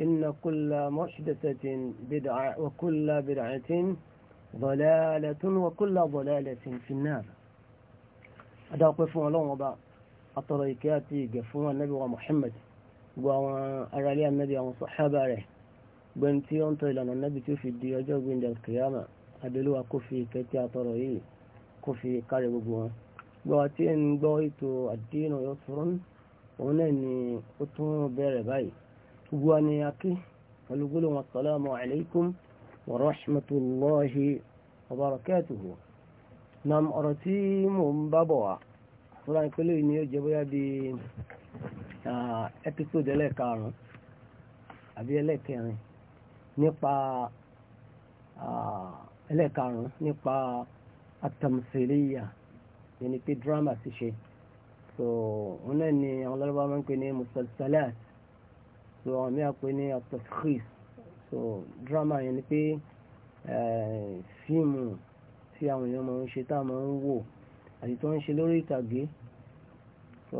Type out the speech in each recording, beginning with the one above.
إن كل محدثة بدعة وكل بدعة ضلالة وكل ضلالة في النار هذا أقف الله وبا الطريقاتي قفوا النبي ومحمد وأرالي النبي وصحابة له بنتي أنت لأن النبي توفي الديوجة عند القيامة أدلوا كفي كتي أطرعي كفي قرب بوان بواتين بويتو الدين يطفرن ونني أطمو بير بايت gbogbo wa ni a kí pẹ̀lú gbólóhùn assalamu alaikum wa rahmatulahi wa barakatuhu na ọ̀rọ̀ tí mò ń bá bọ̀ wá fúnra ìpínlẹ̀ yìí ni ó jẹ́ bóyá bí ẹpísòdì ẹlẹ́ẹ̀karùn-ún àbí ẹlẹ́ẹ̀kẹrin nípa ẹlẹ́ẹ̀karùn-ún nípa atamsiliya yẹni pé drama ti ṣe so òun náà ni àwọn lọ́lọ́wọ́ máa ń pè ní musalsalat so àwọn mìíràn pé ní atọ́kìs so drama yẹn ni pé fíìmù tí àwọn èèyàn máa ń ṣe tá a máa ń wò àti tó ń ṣe lórí ìtàgé so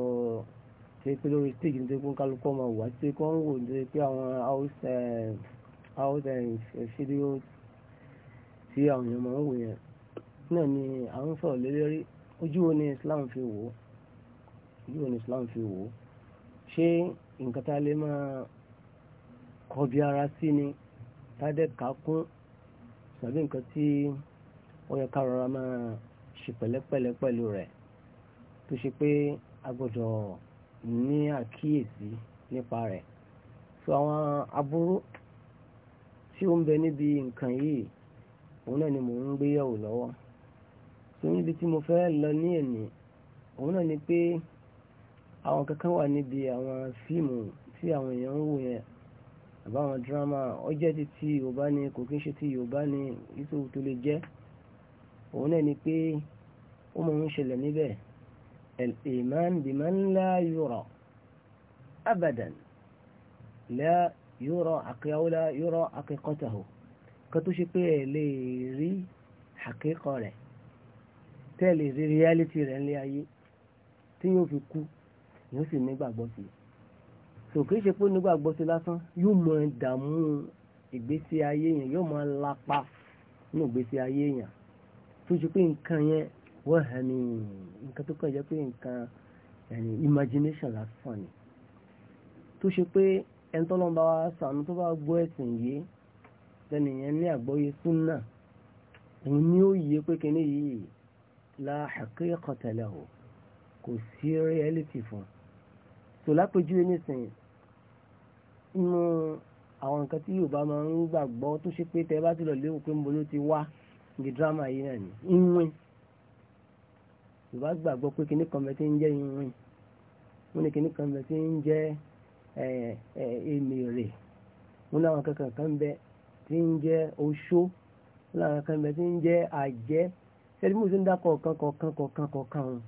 ṣe pé lórí stage nítorí pé kálukọ́ máa wò àti pé kọ́ ń wò nítorí pé àwọn house house video tí àwọn èèyàn máa ń wò yẹn náà ni à ń sọ̀rọ̀ lé ojú wo ni Islam fi wò ojú wo ni Islam fi wò ṣé nǹkan tá a lè máa kọbi ara sí ni tádẹ́ ká kún tàbí nǹkan tí ó yẹ ká rọra máa ṣe pẹ̀lẹ́pẹ̀lẹ́ pẹ̀lú rẹ̀ tó ṣe pé a gbọ́dọ̀ ní àkíyèsí nípa rẹ̀ so àwọn aburú tí ó ń bẹ níbi nǹkan yìí òun náà ni mò ń gbé yẹ̀wò lọ́wọ́ so níbi tí mo fẹ́ lọ ní ẹ̀nì òun náà ni pé. Pe àwọn kankan wà níbi àwọn fíìmù tí àwọn èèyàn ń wò yẹn àbáwọn dírámà ọjẹ́ ti ti yorùbá ni kò kí ń ṣe ti yorùbá ni yíṣòwò tó lè jẹ́ òun náà ni pé ó mọ̀ ń ṣẹlẹ̀ níbẹ̀ al-iman abadan la yura àkíyàwó la yura haqiqatahu tó ṣe pé ẹ̀ lè rí haqiqa rẹ̀ tẹ́ lè rí reality rẹ̀ ńlẹ́ ayé tí yóò fi kú yóò sì nígbàgbọ́ sí so kì í ṣe pé nígbàgbọ́ sí lásán yóò mọ ìdààmú ìgbésí ayé yẹn yóò mọ lápá nínú ìgbésí ayé yẹn tó ṣe pé nǹkan yẹn wọ́n hàn ní nǹkan tó kàn jẹ́ pé nǹkan imagination lásán ni tó ṣe pé ẹni tó lọ́nba wa sànú tó bá gbọ́ ẹ̀sìn yìí lẹ́nìyẹn ní àgbọ́yé súnà òun ni ó yẹ pé kíní yìí la haqiqata lahu kò sí reality fún un tò lápèjúwe nísìnyí inú àwọn nǹkan tí Yorùbá máa ń gbàgbọ́ tó ṣe pé tẹ́ bá ti lọ léwu pé ń ti wá ní dírámà yìí náà ni ìwìn Yorùbá gbàgbọ́ pé kinní kan bẹ ti ń jẹ́ ìwìn wọ́n ní kinní kan bẹ ti ń jẹ́ èmèrè wọ́n ní àwọn kankan kan bẹ ti ń jẹ́ oṣó wọ́n ní àwọn kankan bẹ ti ń jẹ́ àjẹ́ ṣẹ́ni mú sí ń dá kọ̀ọ̀kan kọ̀ọ̀kan kọ̀ọ̀kan kọ̀ọ̀kan ọ̀hún.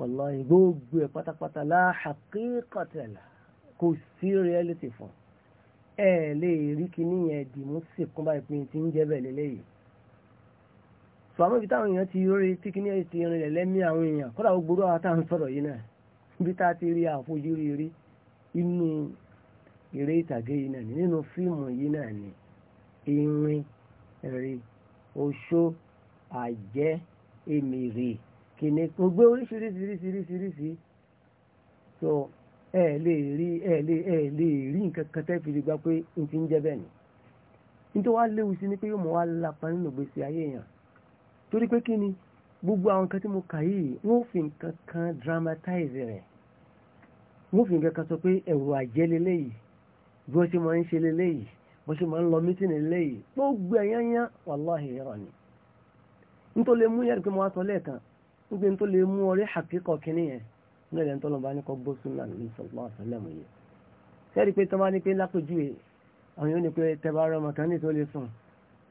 wàláhì gbogbo ẹ̀ pátápátá láhàkíkọ̀tẹ̀lá kò sí reality fún ẹ lè rí kíní yẹn dì mú sí kúnbà ìpín tí ń jẹ́ bẹ̀lẹ̀ ti rí ti rìn àwọn èèyàn kódà àwọn táwọn yìí náà ibi tá a ti rí àfojúrí rí inú eré ìtàgé yìí náà ni ni irin rí kìnnì kò gbé oríṣiríṣiríṣiríṣi tó ẹ lè rí ẹ lè ẹ lè rí nǹkan kan tẹ́ fi lè gbà pé n ti ń jẹ́ bẹ́ẹ̀ ni nítorí wàá léwu sí ni pé yóò mọ̀ wá lapa nínú gbèsè ayé èèyàn torí pé kí ni gbogbo àwọn nǹkan tí mo kà yìí wọ́n fi nǹkan kan dramatize rẹ̀ wọ́n fi nǹkan kan sọ pé ẹ̀rù àjẹ́ leléyìí bí wọ́n ṣe máa ń ṣe leléyìí bó ṣe máa ń lọ mítìnì leléyìí gbogbo ẹ̀yán yán wàláhì ẹ̀rọ ni nítorí mú yẹ́rù pé mo wá sọ lẹ́ẹ̀kan gbogbo tó lè mú ọrí àkíkọ̀ kínní yẹn ní ẹ̀rẹ́ tó lọ́ba ní kọ́ gbó súnà ní sọ̀gbọ́n àtàlẹ́mù yẹn sẹ́ẹ̀rí pé tọ́ bá ní pé lápèjúwe àwọn yóò ní pé tẹ́bá rẹ ọmọ kan ní tó lè sùn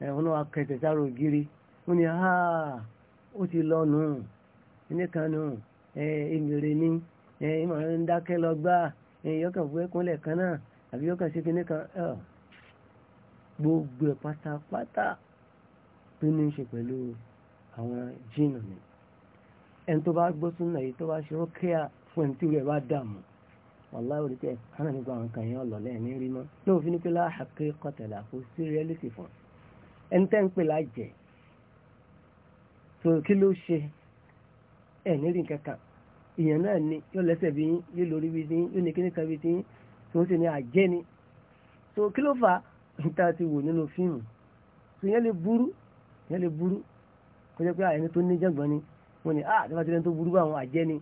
ẹ̀hún náà kẹsẹ̀ sáró ògiri wọ́n ní ha ó ti lọ nù ẹni kan nù ẹ èmèrè ni ẹ ìmọ̀ ń dákẹ́ lọ gbá yọkàn fún ẹkúnlẹ̀ kan náà àbí yọkàn ṣe kinní kan gbogbo pátápátá tó ní í ṣe pẹ̀lú àwọn jíìnù ni ẹni tó bá gbọ́ súnà yìí tó bá ṣe ó kíá fún ẹni tí rẹ̀ bá dààmú wàlá orí tẹ hánà nípa àwọn kan yẹn ọlọ́lẹ́ ní rí mọ́ lóò fi ní pé láàkè kọtẹ̀lá kó sí rẹ́lẹ́sì fún ẹni tẹ́ ń pè lájẹ̀ tó kí ló ṣe ẹ̀ ní rí kankan ìyẹn náà ni yóò lẹ́sẹ̀ bí yín yóò lórí bí yín yóò ní kíní kan bí yín tó ń ṣe ní àjẹ́ ni tó kí ló fà níta ti wò nínú fíìmù tó yẹn wọ́n ní ah tí wọ́n tó burú bá àwọn àjẹ́ ni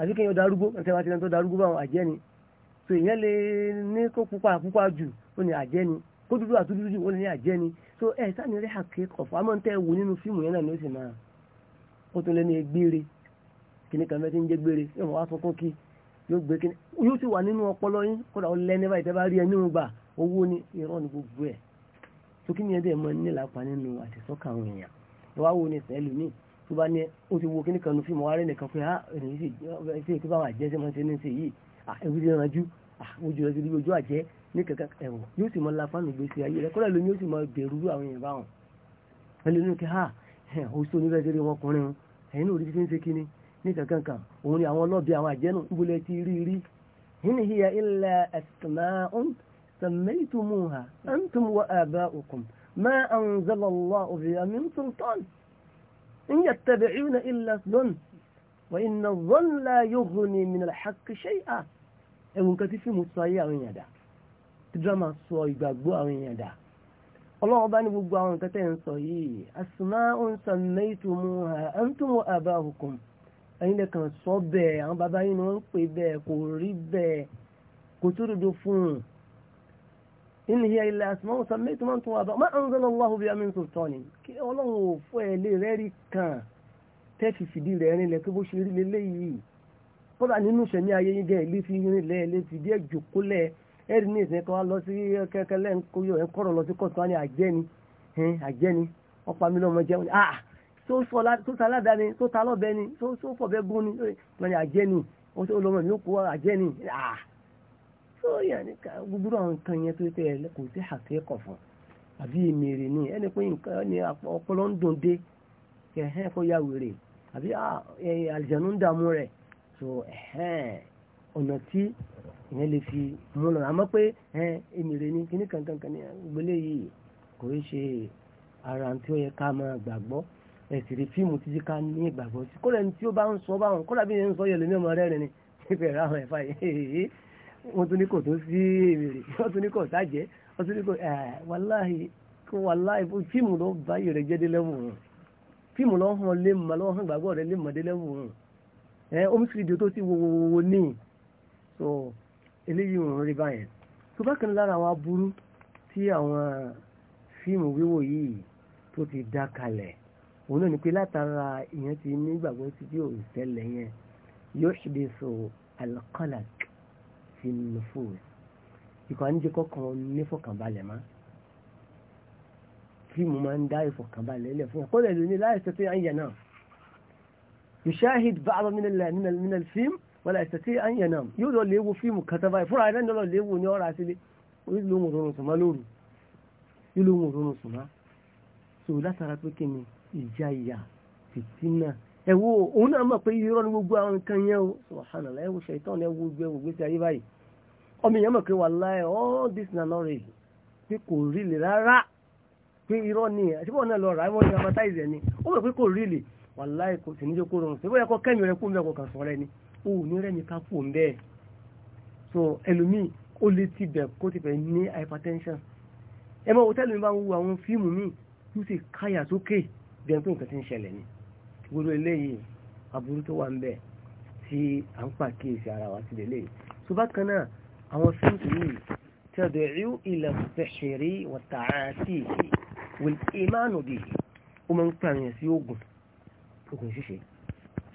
àbí kéèyàn darúgbó tí wọ́n ti lẹ́nu tó darúgbó bá àwọn àjẹ́ ni so ìyẹn lè ní kó pupa pupa jù wọ́n ní àjẹ́ ni kó dúdú àtúdúdú jù wọ́n ni àjẹ́ ni so ẹ sáni rẹ àké kọ̀fọ̀ àmọ́ tẹ́ wo nínú fíìmù yẹn náà ni ó sì máa ó tún lé ní egbére kìnnì kan fẹ́ẹ́ ti ń jẹ́ gbére yóò wá sunkún kí yóò gbé kìnnì yóò sì wà nínú ọpọlọ yín kódà ó lẹ́ níbà ìtẹ́ bá rí ẹ nínú gbà owó ni irọ́ ni gbogbo ẹ̀ so kí ni ẹ dẹ̀ mọ nílàpá nínú àtẹ̀sọ́kà àwọn èèyàn ẹ wá wo ni sẹ́ẹ̀lì míì tó bá ní ó ti wo kíníkan nu fíìmù wáré nìkan pé ah, ẹni ṣe ìpínpá àwọn àjẹsẹ máa ń ṣe ní ṣe yìí ah, ewu ti ranjú ah, ojú rẹ ti rí ojú àjẹ ní kankan ẹ̀wọ̀n yóò sì máa la fáànù gbèsè ayé rẹ kọ́lá lómi yóò sì máa bẹ̀rù rú àwọn èèyàn báwọn ẹni nínú kí ha oṣù oníbẹ̀sẹ̀ rí wọn kùnrin ẹ̀yìn náà oríṣi ń ṣe kíní ní kankan kan òun ni àwọn ọlọ́ọ̀bẹ àwọn àjẹnu níbolẹ̀ ti rí rí hínì híya illa asma'un sammaytumuha antum wa aba'ukum ma anzala Allahu biha min sultan إن يتبعون إلا الظن وإن الظن لا يغني من الحق شيئا ẹ̀wùn kan tí fíìmù sọ ayé àwọn èèyàn dà tí dírámà sọ ìgbàgbọ́ àwọn èèyàn dà ọlọ́run bá ní gbogbo àwọn nǹkan tẹ́ ń sọ yìí asma'un sammaytumuha antum wa aba'ukum ẹ̀yin lè sọ bẹ́ẹ̀ àwọn bàbá yìí ni wọ́n ń pè bẹ́ẹ̀ kò rí bẹ́ẹ̀ kò tó dodo fún un in hiya illa asma'u sammaytum antum wa ma anzala Allahu biha min sultanin kí ọlọ́run ò fún ẹ lè rẹ́rí kan tẹ́ẹ̀fì fìdí rẹ̀ rinlẹ̀ pé bó ṣe rí leléyìí kódà nínú ìṣẹ̀mí ayé yín gẹ́ ilé fi rinlẹ̀ ilé fi díẹ̀ jòkólẹ̀ ẹ̀rí ní ìsìn kan wá lọ sí kẹ́kẹ́ lẹ́ńkóyọ̀ ẹ̀ kọ́rọ̀ lọ sí kọ́sán ní àjẹni àjẹni ọ̀pá mi lọ́mọ jẹun ni ah tó ta aládàáni tó ta alọ́bẹ̀ni tó fọ̀bẹ́ gún ni lọ́ni àjẹni ó lọ́mọ mi ó kó àjẹni ah so yẹni gbogbo àwọn nǹkan yẹn tó tẹ ẹ kò sí àkẹ́kọ̀ọ́ fún àbí èmèrè ni ẹni pé nǹkan ni ọpọlọ ń dùn dé kẹhẹ́ kó ya wèrè àbí àlìjánu ń dààmú rẹ̀ so ọ̀nà tí ìyẹn lè fi mú lọ àmọ́ pé èmèrè ni kíní kankan kan ní gbélé yìí kò í ṣe ara tí ó yẹ ká máa gbàgbọ́ ẹ̀sìn rí fíìmù títí ká ní ìgbàgbọ́ sí kó lẹ́ni tí ó bá ń sọ báwọn kó làbí wọ́n tún ní kò tún sí èrè wọ́n tún ní kò sájẹ́ wọ́n tún ní kò wàláhì kò wàláhì fíìmù ló bá yìí rẹ̀ jẹ́dé lẹ́wọ̀n wọn fíìmù ló hàn lé mà ló hàn gbàgbọ́ rẹ̀ lé mà dé lẹ́wọ̀n wọn ẹ home studio tó ti wowowo ní so eléyìí wọn rí báyẹn tó bá kan lára àwọn aburú tí àwọn fíìmù wíwò yìí tó ti dá kalẹ̀ òun náà ni pé látara ìyẹn ti nígbàgbọ́ sí bí òun ṣẹlẹ̀ yẹn yóò ṣe dé so alqalat fi nufus ikọ̀ à ń jẹ́ kọ́kàn nífọ̀kànbalẹ̀ má fíìmù máa ń dá ìfọ̀kànbalẹ̀ ilẹ̀ fún yàn kọ́lẹ̀ lóní láìsẹ̀ tó yàn náà yushahid ba'd min al-film wala yastati an yanam yóò lọ léwu fíìmù kan tábàá fúnra rẹ̀ lọ léwu ní ọ̀rọ̀ àti ìlú òun rọrùn sùnmọ́ lóru ìlú òun rọrùn sùnmọ́ so látara pé kí ni ìjà ìyà fìtínà ẹ̀wò òun náà mọ̀ pé irọ́ ni gbogbo àwọn nǹkan yẹn o subhanallah ẹ̀wò ṣètọ́ni ẹ̀wò gbé ògbé sí ayé báyìí ọmọ èèyàn mọ̀ pé all this na not pé kò rí le rárá pé irọ́ ni àtibọ̀ náà lọ rà wọ́n ní amortize ni ó mọ̀ pé kò rí lè wallahi kò sì kó rọrùn bóyá kọ́ kẹ́mi rẹ kó sọ rẹ ni o ò ní ń gbogbo eléyìí aburú tó wà ń bẹ tí à ń pàkíyèsí ara wa sí lélẹ́yìí tó bá kan náà àwọn sínkù yìí tad'u ila fihri wa ta'atihi wal imanu bihi ó máa ń pè àyàn sí oògùn oògùn ṣíṣe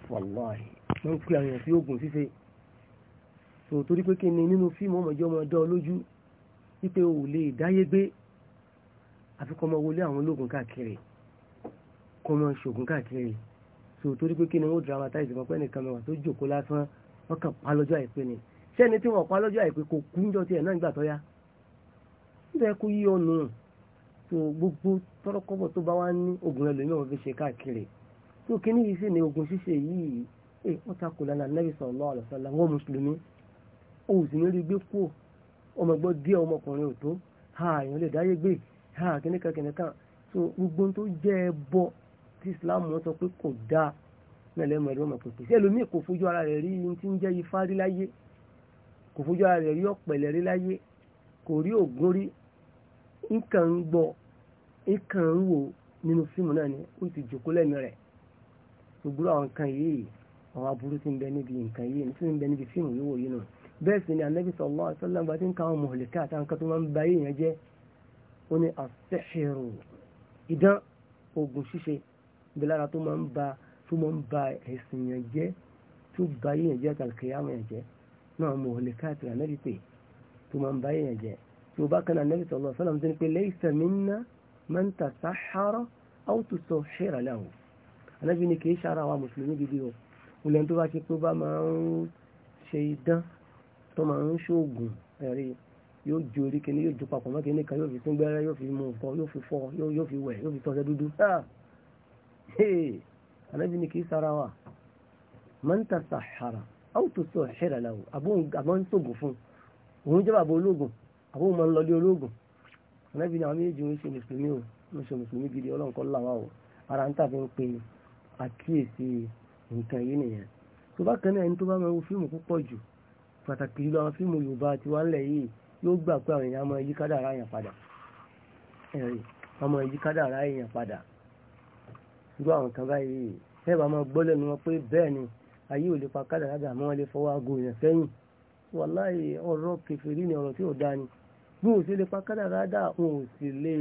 wàláhì máa ń pè àyàn sí oògùn ṣíṣe so torí pé kí ni nínú fíìmù ọmọjọ́ ọmọ ọdọ́ wípé o lè dáyé gbé ọmọ wọlé àwọn ológun káàkiri kọ́ ọmọ ṣògùn káàkiri so torí pé kí ni wọ́n dramatize wọn pé nìkan mẹ́wàá tó jòkó lásán wọ́n kàn pa lọ́jọ́ àìpé ni sẹ́ni tí wọ́n pa lọ́jọ́ àìpé kò kú níjọ́ tiẹ̀ náà nígbà tó yá níta ẹkú yí ọ̀nù tó gbogbo tọ́rọ́kọ́bọ̀ tó bá wá ní ogun ẹlòmíràn wọn fi ṣe káàkiri tó kíní yìí sì ni ogun ṣíṣe yìí ẹ wọ́n ta kò lánàá Nabi sallallahu alaihi wasallam wọ́n mùsùlùmí òun sì ní rí gbé kú ọmọ ẹgbọ́ ọmọkùnrin òtó ha èèyàn lè dáyé gbé ha kìnnìkan kìnnìkan tó gbogbo tó jẹ́ ẹ bọ́ tí islam sọ pé kò dáa náà lẹ́mọ̀ ẹ̀rọ ọmọ pèpè sí ẹlòmíì kò fojú ara rẹ̀ rí ohun tí ń jẹ́ ifá rí láyé kò fojú ara rẹ̀ rí ọ̀pẹ̀lẹ̀ rí láyé kò rí ògùn rí nǹkan ń gbọ́ nǹkan ń wò nínú fíìmù náà ni ó ti jòkó lẹ́nu rẹ̀ ṣùgbọ́n àwọn nǹkan yìí àwọn aburú ti ń bẹ níbi nǹkan yìí ti ń bẹ níbi fíìmù yìí wò yìí nù bẹ́ẹ̀ sì ni anabi sallallahu alaihi wasallam tí ń ka àwọn mọ̀lẹ́kẹ́ àti àwọn kan tó máa ń ba yìí yẹn jẹ́ ó ní àṣẹṣẹrò ìdán oògùn ṣíṣe bí lára tó máa ń ba tó máa ń ba ẹ̀sìn yẹn jẹ́ tó ba yíyan jẹ́ kàlùkì yàmù yẹn jẹ́ náà mo lè káàkiri ànábì pé tó máa ń ba yíyan jẹ́ tí o bá kan ànábì sallallahu alaihi wasallam tó ní pé laysa minna man tasahhara aw tusahhira lahu ànábì ni kì í ṣara wa mùsùlùmí gidi o olè tó bá ṣe pé ó bá máa ń ṣe idán tó máa ń ṣoògùn ẹ̀rí yóò ju orí kìíní yóò ju papọ̀ mọ́ kan yóò fi tún yóò fi mú nǹkan yóò fi fọ́ yóò fi wẹ̀ yóò fi tọ́sẹ̀ dúdú ah! anábì ni kì í sara wa máa ń ta sàhara àwọn tó sọ ìṣẹ̀rẹ̀ náà àbọ̀ ń sògùn fún òun jẹ́ bàbá ológun àbọ̀ máa lọ lé ológun anábì ni àwọn méjì ń ṣe mùsùlùmí o ń ṣe mùsùlùmí gidi ọlọ́nkọ́ làwà o ara ń tàbí ń pe àkíyèsí nǹkan yìí nìyẹn tó bá kan náà ẹni tó bá máa wo fíìmù púpọ̀ jù pàtàkì jùlọ àwọn fíìmù yorùbá ti wá ńlẹ̀ yìí yóò gbà pé àwọn èèyàn máa yí kádàrá èèyàn padà ẹ̀rì wọ́n máa yí kádàrá èèyàn padà irú àwọn kan báyìí ẹ bá máa gbọ́ lẹ́nu wọn pé bẹ́ẹ̀ ni ayé ò lè pa kádà lága àmọ́ wọn lè fọwọ́ aago yẹn sẹ́yìn wàláì ọ̀rọ̀ kẹfìrí ni ọ̀rọ̀ tí ò dáa ni bí wọn ò sì lè pa kádà lága wọn ò sì lè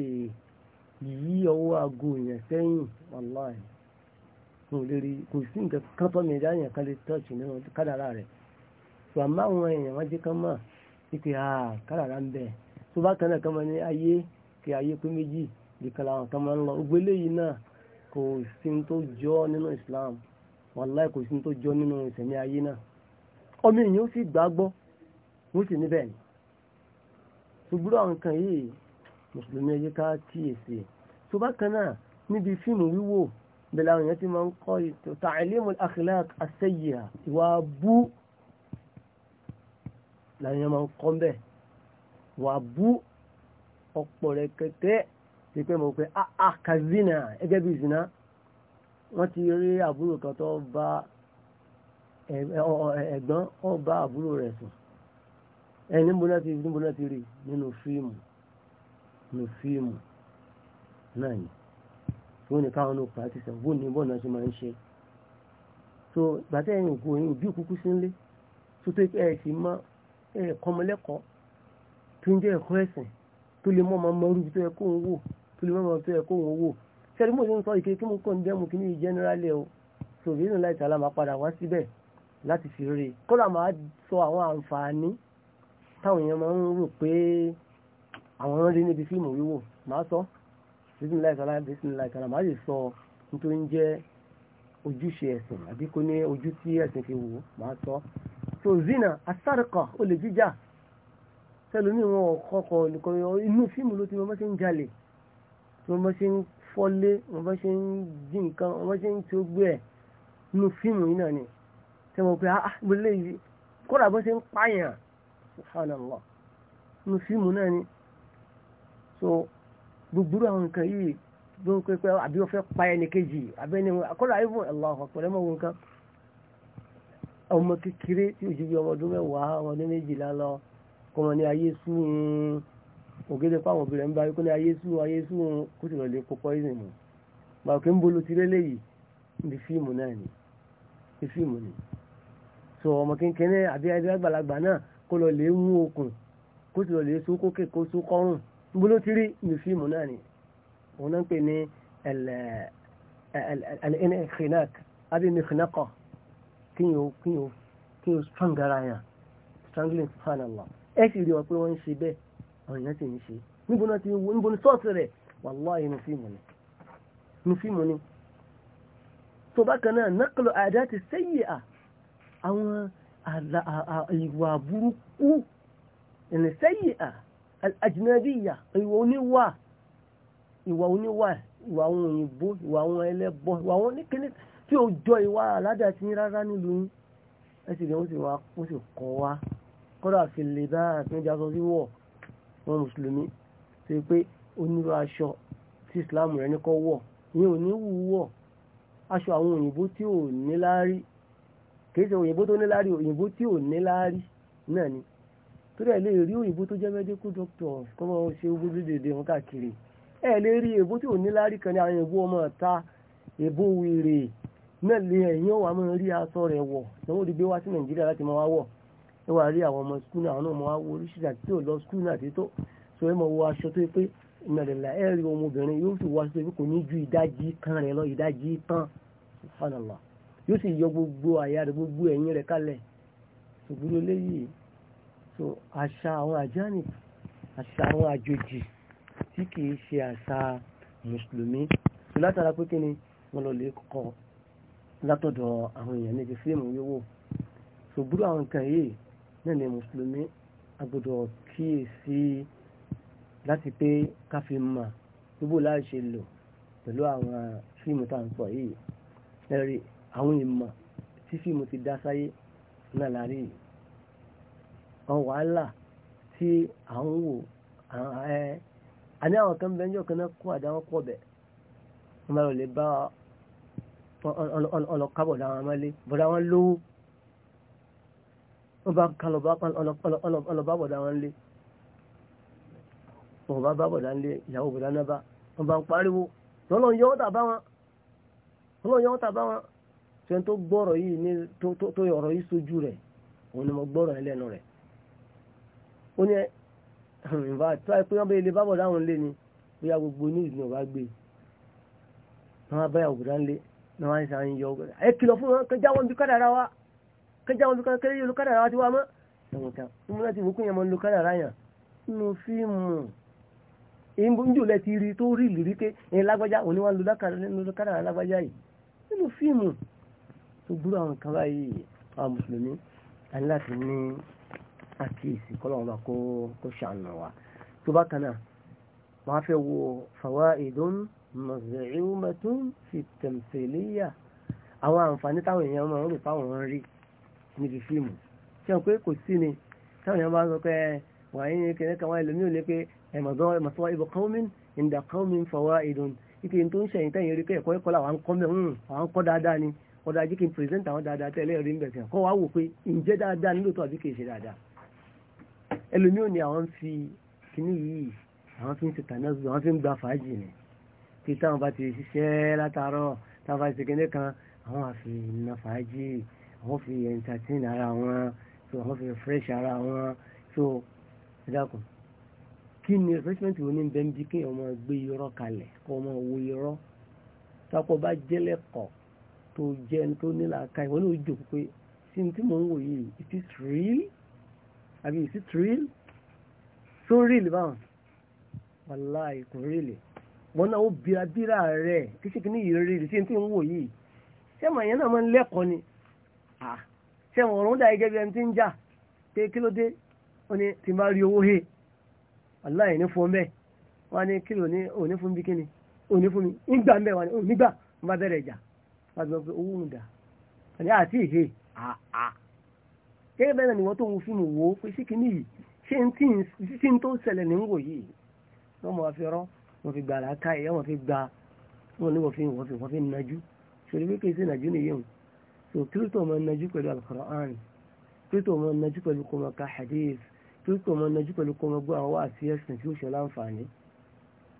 yí ọwọ́ aago yẹn sẹ́yìn wàláì wọn ò lè rí kò sí nǹkan kan tọ́ mi ẹ̀dá yẹn kan lè tọ́ọ̀ṣì nínú kádàrá rẹ̀ tó àwọn èèyàn wọn jẹ́ kán mọ̀ wípé kádàrá ń bẹ tó bá kan náà kan mọ ní ayé kí ayé pé méjì kò sí tó jọ nínú Islam wàláì kò sí tó jọ nínú ìsẹ̀mí ayé náà ọmọ èèyàn ó sì gbàgbọ́ ó sì níbẹ̀ ni ṣùgbọ́n àwọn nǹkan yìí mùsùlùmí ẹyẹ ká kíyèsí tó bá kan náà níbi fíìmù wíwò bẹ̀rẹ̀ àwọn èèyàn ti máa ń kọ́ ètò ta'limu al-akhlaq ìwà bú làwọn èèyàn máa ń kọ́ bẹ́ẹ̀ wà bú ọ̀pọ̀ rẹ̀ kẹtẹ́ ti pé mo pé akazina ah, ah, gẹ́gẹ́ bí zina wọ́n ti rí àbúrò kan tó bá ẹ̀gbọ́n ó bá àbúrò rẹ̀ sùn ẹni níbona ti níbona ti rí nínú fíìmù nínú fíìmù náà ni wọ́n ní káwọn ní pàtìsẹ̀ wọ́n ní bọ́ọ̀nà ṣe máa ń ṣe so gbàtẹ́ ẹ̀yìn òkú ẹ̀yìn òbí òkúkú sí nílé tó tó ẹ̀ sì mọ ẹ̀kọ́ ọmọlẹ́kọ̀ọ́ tó ń jẹ́ ẹ̀kọ́ ẹ̀sìn tó lè mọ́ ọmọ mọ́rú tó yẹ kó ń wò tó lè mọ́ tó yẹ kó òun wò ṣẹ́ni mo ṣe ń sọ o so ìrìnà láì tààlà máa padà wá síbẹ̀ láti fi rí i kódà máa sọ àwọn àǹfààní táwọn èèyàn máa ń rò pé àwọn rí níbi fíìmù wíwò máa sọ bísí láì tààlà bísí láì tààlà máa lè sọ nítorí ń jẹ́ ojúṣe ẹ̀sìn àbí kò ní ojú tí ẹ̀sìn fi wò máa sọ so zina asárìkà olè jíjà sẹ́lómi wọn kọ́kọ́ nìkan inú fíìmù ló ti mọ́ ṣe ń jalè wọ́n bá ṣe ń fọ́lé wọ́n bá ṣe ń jí nǹkan wọ́n bá ṣe ń tí ó gbé ẹ̀ nínú fíìmù yìí náà ni tí wọ́n pe ah gbélé ah, yìí kódà bó ṣe ń pààyàn subhanallah nínú fíìmù náà ni so gbogbo àwọn nǹkan yìí ló ń pẹ́ pẹ́ àbí wọ́n fẹ́ pa ẹnì kejì àbí ẹni kódà ibùn Allahu akbar ẹ mọ̀ wọn kan ọmọ kékeré tí òjijì ọmọ ọdún mẹ́wàá ọmọ ọdún méjìlá lọ kọ́mọ ní ayé sùn ògede fáwọn obìnrin ń bá wípé ayé sú ayé sú òun kó sì lọ́lẹ̀ kó poison mu bàbá kí n bolo ti rélé yìí níbi fíìmù náà ni ní fíìmù ni so ọmọ kékeré àbí àgbàlagbà náà kó lọ lè mú okùn kó sì lọ́lẹ̀ so kókè kó so kọ́rùn n bolo ti rí ní fíìmù náà ni òun náà ń pè ní ẹlẹ́ẹ̀ẹ́nì ìkìnnàk àbí mìkìnnàkọ̀ kí n yóò kí n yóò kí yàn strangling subhanallah ẹ sì rí wọn pé wọ́n ń ṣe bẹ́ẹ̀ àwọn èèyàn sì ń ṣe níbo náà ti wo níbo ni sọ́ọ̀sì rẹ̀ wàláhì inú fíìmù ni inú fíìmù ni tó bákan náà nákàlọ̀ àdá ti sẹ́yìn à àwọn ìwà burúkú ẹ̀nì sẹ́yìn à àjìnàbíyà ìwà oníwà ìwà oníwà ìwà àwọn òyìnbó ìwà àwọn ẹlẹ́bọ ìwà àwọn oníkíní tí ó jọ ìwà aládàá ti rárá nílùú yín ẹ sì rí wọn sì wá wọn sì kọ wá kọ́dà fi bá àtúnjà sọ sí wọ̀ wọn mùsùlùmí tó yẹ pé onírú aṣọ tí islam rẹ̀ ní kọ́ wọ̀ ìyẹn ò ní wù wọ̀ aṣọ àwọn òyìnbó tí ò ní láárí kìí ṣe òyìnbó tó ní láárí òyìnbó tí ò ní láárí náà ni torí ẹ lè rí òyìnbó tó jẹ́ medical doctor kó máa ṣe gbogbo dèdè wọn káàkiri ẹ lè rí èbó tí ò ní láárí kan ní àwọn èbó ọmọ ọ̀ta èbó wèrè náà lè ẹ̀yìn ọ̀wà máa rí aṣọ rẹ̀ wọ̀ ìnáwó ti gbé wá sí nàìjíríà láti máa wá wọ̀ ẹ wá rí àwọn ọmọ skul náà àwọn ọmọ wa wo oríṣiríṣi àti tí ò lọ skul náà ti tó so ẹ mọ wo aṣọ tó yẹ pé ìmọ̀lẹ̀lá ẹ rí ọmọbìnrin yóò sì wọ aṣọ tó kò ní ju ìdajì kan rẹ lọ ìdajì tán subhanallah yóò sì yọ gbogbo àyà rẹ gbogbo ẹ̀yìn rẹ kalẹ̀ ṣùgbọ́n eléyìí so àṣà àwọn àjáni àṣà àwọn àjòjì tí kìí ṣe àṣà mùsùlùmí so látara pé kí ni wọ́n lọ lè kọ́ látọ̀dọ̀ àwọn èèyàn níbi fíìmù wíwò ṣùgbọ́n àwọn nǹkan yìí náà ni mùsùlùmí agbọ́dọ̀ kíyèsí láti pé ká fi mà gbogbo láì ṣe lò pẹ̀lú àwọn fíìmù tá à ń sọ yìí ẹ̀rí àwọn ìmọ̀ tí fíìmù ti dá sáyé náà lárí yìí àwọn wàhálà tí à ń wò ẹ àní àwọn kan bẹ́ẹ̀ ń jọ kan náà kó àdáwọ́ pọ̀ bẹ̀ wọ́n máa lè bá ọlọ́kábọ̀dá wọn mọ́lé bọ̀dá wọn lówó wọ́n bá kalọ̀bá ọlọ́bàbọ̀dá wọn lé wọ́n bá bàbọ̀dá ń lé ìyàwó bọ̀dá náà bá wọ́n bá ń pariwo lọ́lọ́n yọ́ tàbá wọn ṣe tó gbọ́rọ̀ yìí ní tó ọ̀rọ̀ yìí sójú rẹ̀ òun ni mo gbọ́rọ̀ yìí lẹ́nu rẹ̀ ó ní ìbá tó àìpé wọn bẹ ilé bàbọ̀dá wọn lé ni bóyá gbogbo ní ìdùnnú ọba gbé wọn bá yàwó bọ̀dá ń lé ni wọn ṣe à yọ ẹ kìlọ̀ fún wọn kẹjá wọn bí kádàrá wa kẹjá wọn kékeré yóò lókàdà ara ti wá mọ́ ẹ̀wọ̀n kan ìmú láti wò kún yẹn mọ́ lókàdà ara yàn nínú fíìmù ìjò lẹ ti rí tó rí ìlérí pé ẹ̀yìn lágbájá òní wọn lókàdà ara lágbájá yìí nínú fíìmù tó gbúrò àwọn kan báyìí àwọn mùsùlùmí àní láti ní àkíyèsí kọ́lọ́wọ́n bá kó ṣàánú wa tó bá kan náà wọ́n á fẹ́ wo fawaidun maz'umatun fi tamthiliyya àwọn àǹfààní táwọn èèyàn máa ń rò fáwọn rí níbi fíìmù ṣé wọn pé kò sí ni táwọn èèyàn bá sọ pé wàyí ni kìnìún kan wáyé lómi ò lé pé ẹ̀mọ̀sọ́ ibò kọ́mìn ìdá kọ́mìn fọwọ́ ìdùn ike tó ń ṣẹ̀yìn tẹ̀yìn rí pé ẹ̀kọ́ ẹ̀kọ́ làwọn kọ́ mẹ́ ń hmm, àwọn kọ́ dáadáa ni ọ̀dà ajé kí n pírẹsẹ̀ntì àwọn dáadáa tẹ́lẹ̀ rí bẹ̀sẹ̀ kọ́ wá wò pé ǹjẹ́ dáadáa nílò tó àbí kì í ṣe dáadáa ẹlòmí ò ní àwọn ń fi kíní yìí àwọn fi ń ṣètà náà àwọn fi ń gba fàájì ni kí táwọn bá ti ṣiṣẹ́ látàárọ̀ táwọn bá ti ṣe kíní na fàájì àwọn fi entertain ara wọn so àwọn fi fresh ara wọn so ẹ dákun kí ni refreshment wo ní bẹ́ẹ̀ bí kí ọmọ gbé irọ́ kalẹ̀ kó ọmọ wo irọ́ sápọ̀ bá jẹ́lẹ̀kọ̀ tó jẹ́ tó nílà ká ìwọ ní ojú pé sí ní tí mò ń wò yìí it is real àbí it is real so real báwọn wàláì kò real wọn náà ó bira bira rẹ kí ṣe kí ní yìí real sí ní tí ń wò yìí ṣé màá máa ń lẹ́kọ̀ọ́ ni ṣé wọn òun dà gẹ́gẹ́ bí ẹni tí ń jà pé kí ló dé ó ní tí n bá rí owó he aláì ní fún bẹ́ẹ̀ wọ́n á ní kí ló ní òní fún bí kí ni òní fún mi nígbà mẹ́ẹ̀ wọ́n ní òní gbà wọ́n bá bẹ̀rẹ̀ ìjà wọ́n ti sọ pé owó ń dà àní àti ìhe àà gẹ́gẹ́ bẹ́ẹ̀ náà ni wọ́n tó ń fíìmù wo pé sí kìíní yìí ṣé ń tí ń tó ṣẹlẹ̀ ní ń wò yìí wọ́n mọ̀ fi rọ́ wọ́n fi gbà làákàyè wọ́n fi gbà wọ́n ní wọ́n fi wọ́n fi wọ́n fi najú ṣòrí pé kì í sí nàjú nìyẹn so kírísítò ọmọ ẹnajú pẹ̀lú al-Qur'an kírísítò ọmọ ẹnajú pẹ̀lú kọmọ ká hadith kírísítò ọmọ ẹnajú pẹ̀lú kọmọ gbọ́ àwọn àti ẹ̀sìn tí ó ṣe láǹfààní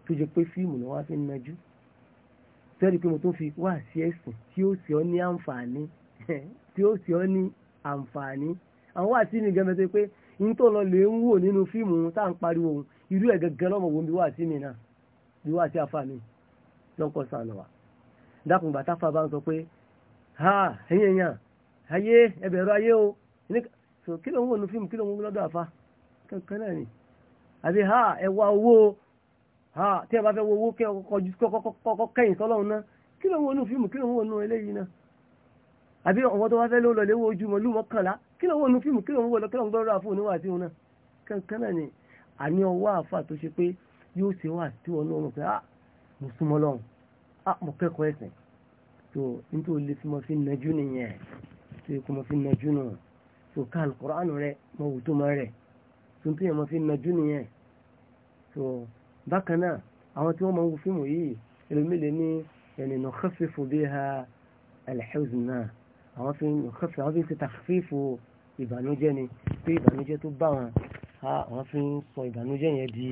tó jẹ pé fíìmù ni wọ́n fi ń najú sẹ́ẹ̀rì pé mo tún fi wá sí ẹ̀sìn tí ó sì ọ́ ní àǹfààní tí ó sì ọ́ ní àǹfààní àwọn wá sí ni gẹ́gẹ́ bẹ́ẹ̀ pé n tó lọ lè ń wò nínú fíìmù tá à ń pariwo irú ẹ̀ gẹ́gẹ́ lọ́mọ ha ẹ̀yìn ẹ̀yàn ebe ẹbẹ̀rọ aye o kí ló ń wò ní fíìmù kí ló ń wò lọ́dọ̀ àfa ni àti ha ẹwà owó ha tí ẹ bá fẹ́ wo owó kọ́kọ́ kẹ́yìn sọ́lọ́run náà kí ló ń wò ní fíìmù kí ló ń wò ní eléyìí náà àbí ọ̀wọ́ so nítorí olè tí mo fi nàjú nìyẹn tó yẹ kó mo fi nàjú nù so ká alukur'an rẹ mo wù tó mọ rẹ tó ń tó yẹ mo fi nàjú nìyẹn so bákan náà àwọn tí wọ́n máa ń wo fíìmù yìí ẹlòmílẹ̀ ní ẹni nà khafifu biha alhuzn náà àwọn fi ń khafifu àwọn fi ń ṣe takhfifu ìbànújẹ́ ni pé ìbànújẹ́ tó bá wọn àwọn fi ń sọ ìbànújẹ́ yẹn di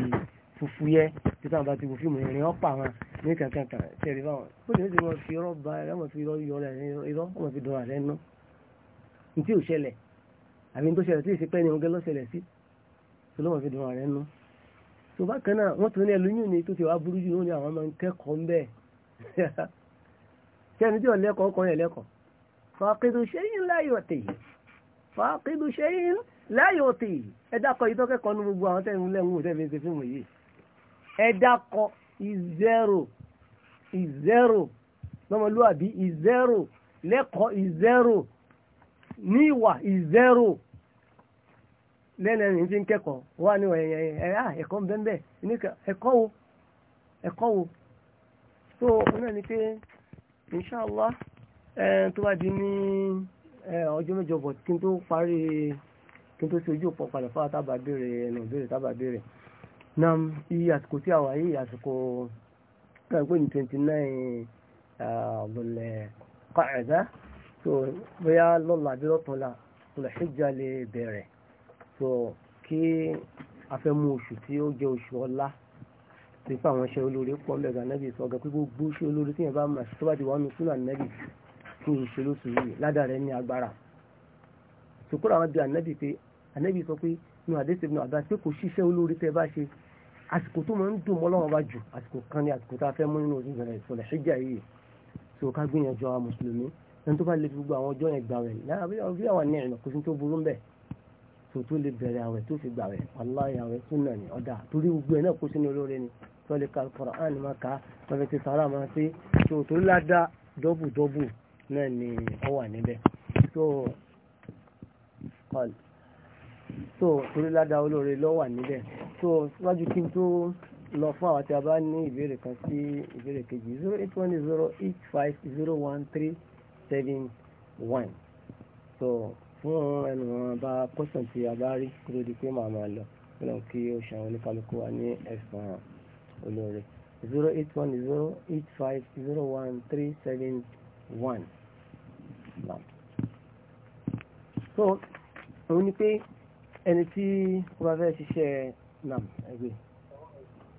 fufu yẹ tí táwọn bá ti wo fíìmù ìrìn ọ̀pá wọn ní kankan kan tẹ̀lé báwọn ó lè ti fi irọ́ ba ẹ̀ wọ́n fi irọ́ yọ rẹ̀ irọ́ wọ́n fi dùn rẹ̀ nù ní ò ṣẹlẹ̀ àbí ní ṣẹlẹ̀ tí ì sí pẹ́ ni oge lọ́ṣẹlẹ̀ sí tó lọ́wọ́ fi dùn rẹ̀ nù tó bá kan náà wọ́n tún ní ẹlòmíràn ni tó ti wá burú jù ní àwọn máa ń kẹ́kọ̀ọ́ ń bẹ́ẹ̀ sẹ́ni tí ò lẹ́kọ̀ọ́ kan yẹ lẹ́kọ̀ọ́ fàákìdù ṣẹ́yìn láyọ̀ tè fàákìdù ṣẹ́yìn láyọ̀ tè ẹ dákọ̀ ẹ̀dá kan ìzẹ́rò ìzẹ́rò lọ́mọlúwàbí ìzẹ́rò lẹ́kọ̀ọ́ ìzẹ́rò ní ìwà ìzẹ́rò lẹ́nu ẹni tí ń kẹ́kọ̀ọ́ wà ah, ní ẹ̀yà ẹ̀kọ́ bẹ́ẹ̀ ẹ̀kọ́ wo ẹ̀kọ́ wo so náà ni pé inṣàlá tó bá di ní ọjọ́ mẹ́jọ bọ̀ kí n tó parí kí n tó ṣe pọ̀ padà fún àtàbà béèrè ẹnu béèrè tábà béèrè náà fi àsìkò tí àwà yìí àsìkò gbàgbé ní twenty nine ọ̀lẹ̀ Qa'ada so bóyá lọ́la àbí lọ́tọ̀ọ̀la Dhul-Hijjah lè bẹ̀rẹ̀ so kí afẹ́mú oṣù tí ó jẹ́ oṣù ọlá ti fún àwọn iṣẹ́ olóore pọ̀ mẹ́ga nẹ́bí sọ́gà pé gbogbo iṣẹ́ olóore tí yẹn bá máa tó bá ti wà nù fún ànẹ́bí fún ìṣèlú sùúrù ládàá rẹ̀ ní agbára sòkúrò àwọn bí ànẹ́bí pé ànẹ́bí sọ pé ní àdéṣe ibùdó àbá pé kò ṣiṣẹ́ olórí tẹ́ bá ṣe àsìkò tó máa ń dùn mọ́ lọ́wọ́ bá jù àsìkò kan ní àsìkò tá a fẹ́ mú nínú oṣù ìbẹ̀rẹ̀ ìsọ̀lẹ̀ ṣẹ́jà yìí tó ká gbìyànjú àwọn mùsùlùmí ẹni tó bá lè fi gbogbo àwọn ọjọ́ yẹn gbà rẹ̀ lábí àwọn ní ìrìnà kò sí tó burú ń tó tó lè bẹ̀rẹ̀ àwẹ̀ tó fi gbà rẹ̀ wàláyé àwẹ̀ ni tó lè ka Kùránì máa ka tọ́lẹ̀ ti sàrà máa ṣe tó tó ni ọ wà níbẹ̀ so torí ládàá olóore lọ wà níbẹ̀ so síwájú kí n tó lọ fún àwọn tí a bá ní ìbéèrè kan sí ìbéèrè kejì zero eight one zero eight five zero one three seven one so fún ẹnu wọn bá pọ́sàn tí a bá rí kúrò di pé màá máa lọ lọ kí o ṣàwọn oníkálukú wa ní ẹ̀sán olóore zero eight one zero eight five zero one three seven one. so òun ni pé ẹni tí ó bá fẹ́ ṣiṣẹ́ nam ẹgbẹ́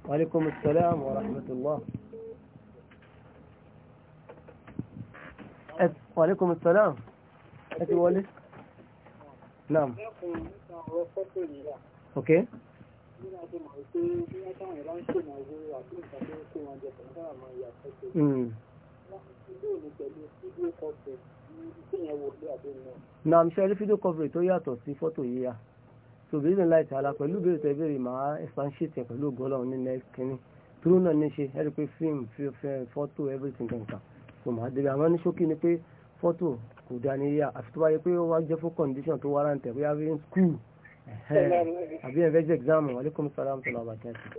wàlékùn sàlám wa rahmatullah wàlékùn sàlám ẹ ti wọlé nam ok Mm. Nam ṣe rí fídíò coverage tó yàtọ̀ sí fọ́tò yíya so bí ní láì tààlà pẹ̀lú bèrè tẹ̀ bèrè màá expansion pẹ̀lú ògbọ́lọ́run ní next kínní tóró náà ní ṣe ẹ̀rí pé film fọ́tò everything kankan so màá débi àmọ́ ní ṣókí ni pé fọ́tò kò dá ní yá àfi tó bá yẹ pé ó wá jẹ́ fún condition tó wára ń tẹ̀ bóyá bí ń school àbí ẹ̀ fẹ́ jẹ́ exam aleykum salaam tó lọ́wọ́ bàtẹ́ sí.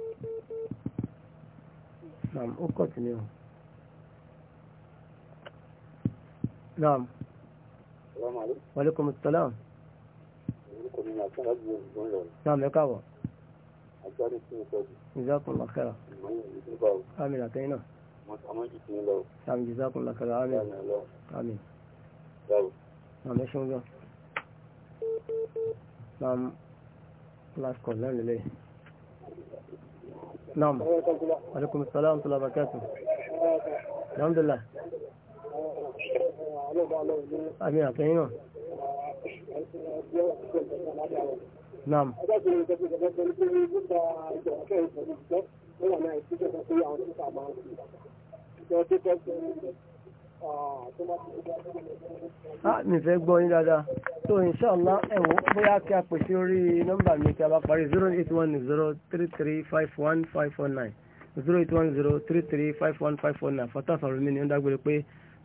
naam ni o. naam. wàleykum salaam orúkọ mi náà fún ọgbọ̀n ìgbọ̀n lọ. náà mẹ́ka wọ̀. agbára tí mo tọ́jú. ìzákun lakara. àmín àtẹ́yìn náà. àmọ́ jù tún lọ. àmín ìzákun lakara àmín. àmín. báwo. náà mẹ́sàn án gbọ́. naam last call náà lélẹ̀. naam aleykum salaam tula bakatu. alhamdulilah. àmín àtẹ́yìn náà. Naam. Ah, mi fẹ́ gbọ́ yín dáadáa. So, inshallah, ẹ̀wọ̀n bóyá kí a pè sí orí nọ́mbà mi kí a bá parí 08103351549. 08103351549. Fọ́tà sọ̀rọ̀ mi ni ó dágbére pé